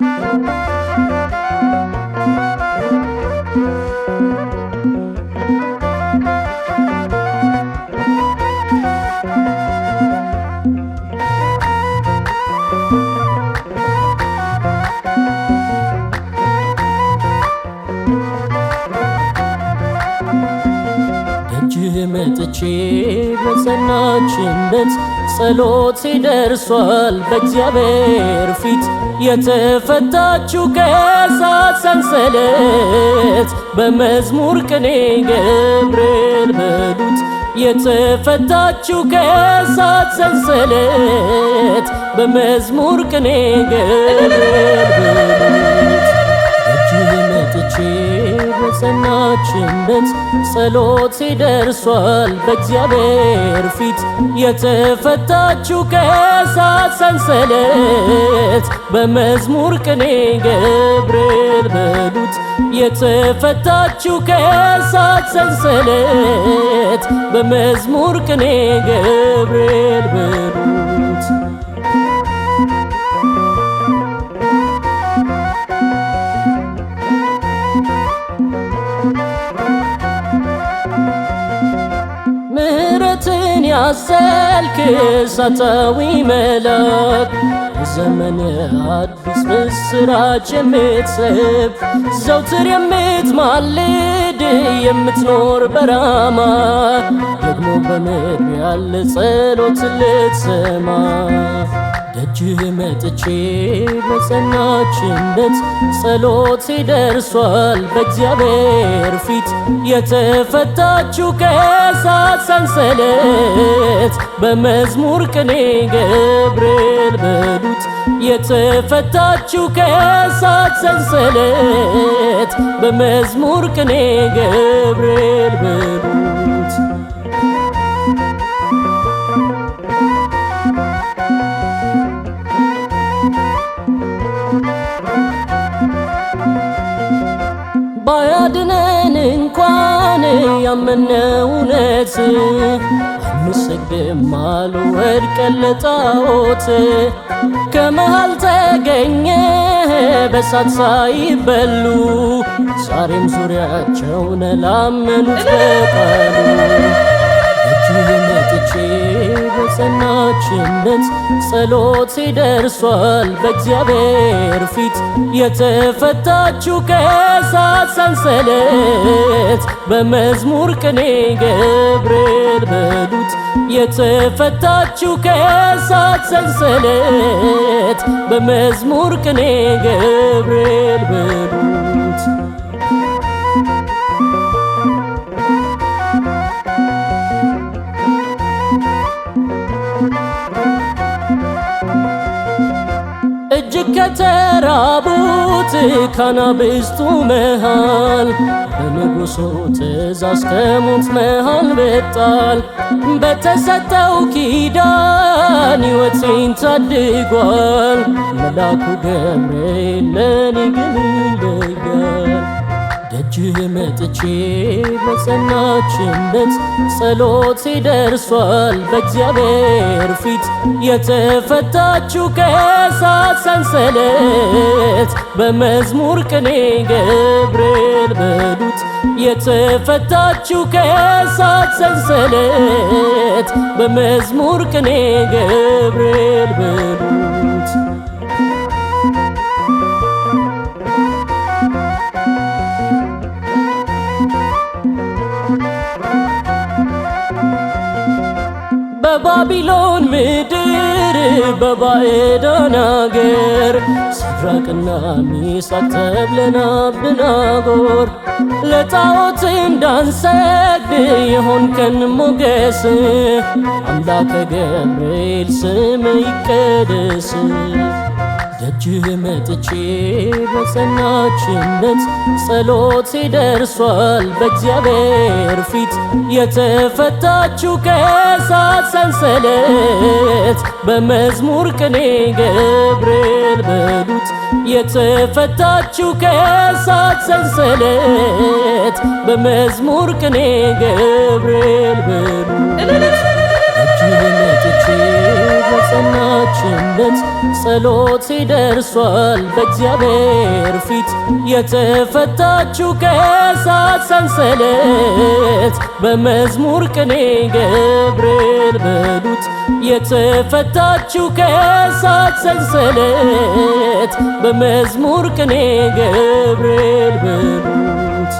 Música መጥቼ በጸናችበት ጸሎቴ ደርሷል በእግዚአብሔር ፊት የተፈታችሁ ከእሳት ሰንሰለት በመዝሙር ቅኔ ገብርኤል በሉት የተፈታችሁ ከእሳት ሰንሰለት በመዝሙር ቅኔ ገብርኤል በሉት እጅ መጥቼ በጸናችበት ጸሎቴ ደርሷል በእግዚአብሔር ፊት የተፈታችሁ ከእሳት ሰንሰለት በመዝሙር ቅኔ ገብርኤል በሉት የተፈታችሁ ከእሳት ሰንሰለት በመዝሙር ቅኔ ገብርኤል በሉት ያሰልክ እሳታዊ መልአክ የዘመን አዲስ ምስራች የምትሰብ ዘውትር የምትማልድ የምትኖር በራማ ደግሞ በምድር ያለ ጸሎት ልትሰማ ደጅህ መጥቼ በጸናችበት ጸሎቴ ደርሷል በእግዚአብሔር ፊት የተፈታችሁ ከእሳት ሰንሰለት በመዝሙር ቅኔ ገብርኤል በሉት የተፈታችሁ ከእሳት ሰንሰለት በመዝሙር ቅኔ ገብርኤል በሉት ያድነን እንኳን ያመነው እውነት አንሰግድም ለጣዖት ከመሃል ተገኘ በሳት ሳይበሉ ዛሬም ዙሪያቸውን ላመኑት እጅ መጥቼ በጸና የሁላችን ጸሎት ጸሎቴ ደርሷል በእግዚአብሔር ፊት የተፈታችሁ ከእሳት ሰንሰለት በመዝሙር ቅኔ ገብርኤል በሉት የተፈታችሁ ከእሳት ሰንሰለት በመዝሙር ቅኔ ገብርኤል እጅግ ከተራቡት ካናብስቱ መሃል በንጉሡ ትእዛዝ ከሞት መሃል በጣል በተሰጠው ኪዳን ሕይወቴን ታድጓል። መልአኩ ገብርኤል ለኔ ግን ይለያል። ደጅ መጥቼ በጸናችበት ጸሎቴ ደርሷል በእግዚአብሔር ፊት የተፈታችሁ ከእሳት ሰንሰለት በመዝሙር ቅኔ ገብርኤል በሉት የተፈታችሁ ከእሳት ሰንሰለት በመዝሙር ቅኔ ገብርኤል በሉት በባቢሎን ምድር በባዕዳን አገር ሲድራቅና ሚሳቅ ተብለን አብደናጎር ለጣዖት እንዳንሰግድ የሆንከን ሞገስ አምላከ ገብርኤል ስም ይቀደስ። ደጅህ መጥቼ በጸናችነት ጸሎቴ ደርሷል በእግዚአብሔር ፊት የተፈታችሁ ከእሳት ሰንሰለት በመዝሙር ቅኔ ገብርኤል በሉት የተፈታችሁ ከእሳት ሰንሰለት በመዝሙር ቅኔ ገብርኤል በሉት እምነቴ በጸናችበት ጸሎቴ ደርሷል በእግዚአብሔር ፊት የተፈታችሁ ከእሳት ሰንሰለት በመዝሙር ቅኔ ገብርኤል በሉት የተፈታችሁ ከእሳት ሰንሰለት በመዝሙር ቅኔ ገብርኤል በሉት